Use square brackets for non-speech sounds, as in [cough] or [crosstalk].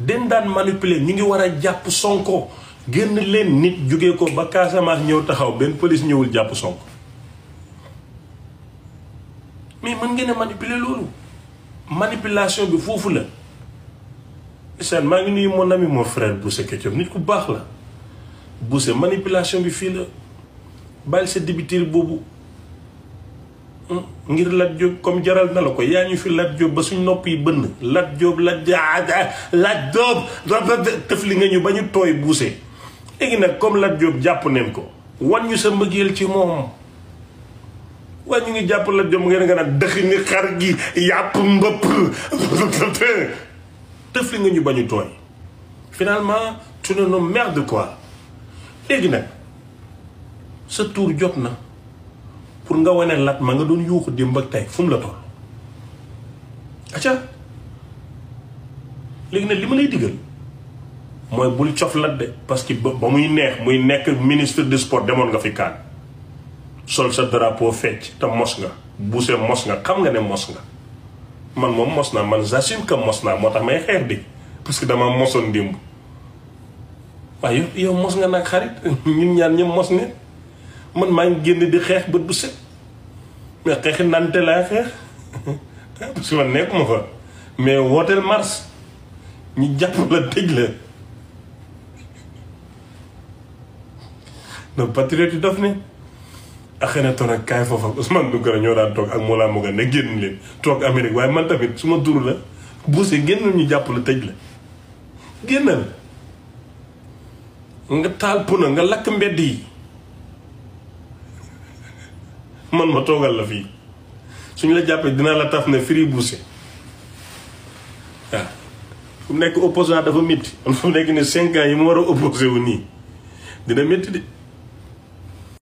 den daan manipuler ñu ngi war a jàpp Sonko génn leen nit jóge ko ba Casamance ñëw taxaw benn police ñëwul jàpp Sonko mais mën ngeen a manipuler loolu manipulation bi foofu la isaan maa ngi nuyu mon ami mon frère Bousse Ketchup nit ku baax la Bousse manipulation bi fii la bàyyi sa débitir boobu ngir Lat Diop comme jaral na la ko yaa ñu fi Lat Diop ba suñ nopp yi bënn Lat Diop Lat Lat Diop tëf li nga ñu ba ñu tooy buuse léegi nag comme Lat Diop jàpp neen ko wan ñu sa mbëggeel ci moom waaye ñu ngi jàpp Lat Diop ngeen nga naan dëxi ni xar gi yàpp mbëpp tëf [laughs] li nga ñu ba ñu tooy finalement tu ne nous merde quoi léegi nag sa tour jot na pour nga wane lat ma nga doon yuuxu démb ak tey fu mu la toll léegi nag li ma lay digal mooy bul cof lat de parce que ba muy neex muy nekk ministre du sport demoon nga fi kaan sol sa drapeau fecc te mos nga buuse mos nga xam nga ne mos nga man moom mos naa man j'assume mos naa moo tax may xeer di parce dama mosoon démb waaye yow mos nga nag xarit [laughs] ñun ñaan ñëpp mos nga man maa ngi génn di xeex bët bu set mais xeexi nante laa xeex [laughs] parce que nekkuma fa mais wooteel mars ñu jàpp la tëj la no patriote yi daf ne axena ah, toon ak kaay foofu ak Ousmane Tounkara ñoo daan toog ak Mollah Morgun ne génn leen toog Amérique waaye man tamit su ma duru la buuse génnul ñu jàpp la tëj la génnal nga taal puna nga lakk mbedd yi man ma toogal la fii suñu la jàppee dinaa la taf ne free Boucher waaw fu nekk opposant dafa métti am fu mu nekk ne cinq yi mu war a opposé wu nii dina métti de